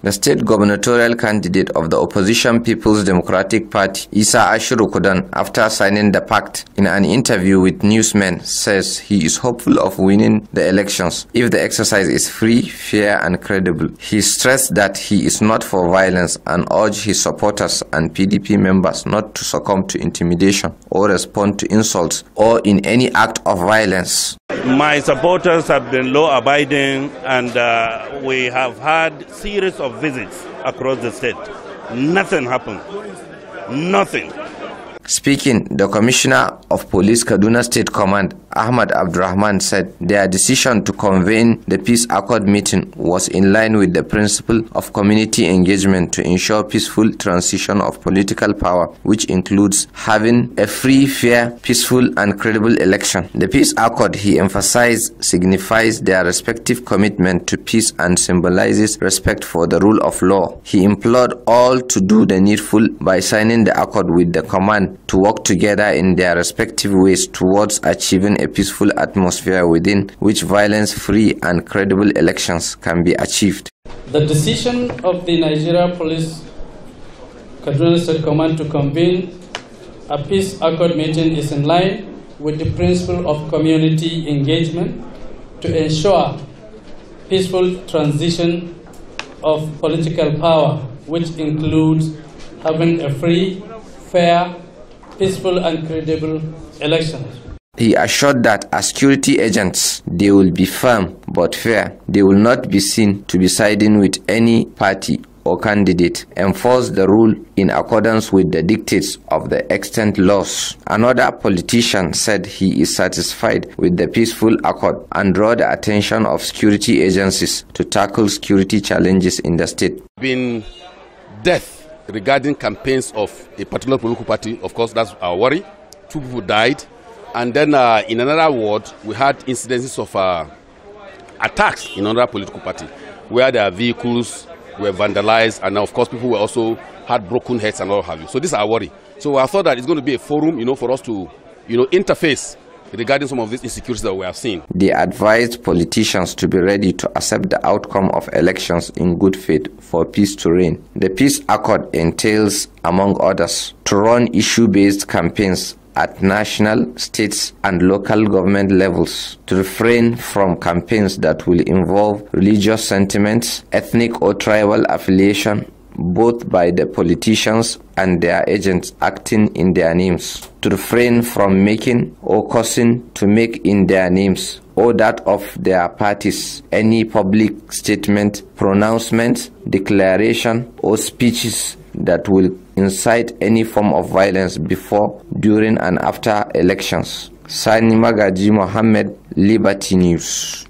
The state gubernatorial candidate of the opposition People's Democratic Party, Isa Ashiru Kudan, after signing the pact in an interview with newsmen, says he is hopeful of winning the elections if the exercise is free, fair, and credible. He stressed that he is not for violence and urged his supporters and PDP members not to succumb to intimidation or respond to insults or in any act of violence. My supporters have been law abiding and uh, we have had series of visits across the state. Nothing happened. Nothing. Speaking, the Commissioner of Police Kaduna State Command Ahmad Abdurrahman said their decision to convene the peace accord meeting was in line with the principle of community engagement to ensure peaceful transition of political power, which includes having a free, fair, peaceful, and credible election. The peace accord, he emphasized, signifies their respective commitment to peace and symbolizes respect for the rule of law. He implored all to do the needful by signing the accord with the command to work together in their respective ways towards achieving a a peaceful atmosphere within which violence-free and credible elections can be achieved. The decision of the Nigeria Police Kaduna State Command to convene a peace accord meeting is in line with the principle of community engagement to ensure peaceful transition of political power, which includes having a free, fair, peaceful and credible elections. He assured that as security agents, they will be firm but fair. They will not be seen to be siding with any party or candidate enforce the rule in accordance with the dictates of the extant laws. Another politician said he is satisfied with the peaceful accord and draw the attention of security agencies to tackle security challenges in the state. Been death regarding campaigns of a particular political party, of course, that's our worry. Two people died. And then uh, in another ward, we had incidences of uh, attacks in another political party where their vehicles were vandalized, and of course, people were also had broken heads and all have you. So this is our worry. So I thought that it's going to be a forum, you know, for us to, you know, interface regarding some of these insecurities that we have seen. They advised politicians to be ready to accept the outcome of elections in good faith for peace to reign. The peace accord entails, among others, to run issue-based campaigns at national, states, and local government levels to refrain from campaigns that will involve religious sentiments, ethnic or tribal affiliation, both by the politicians and their agents acting in their names, to refrain from making or causing to make in their names or that of their parties any public statement, pronouncement, declaration, or speeches that will incite any form of violence before, during, and after elections. Sani Magaji Mohammed, Liberty News.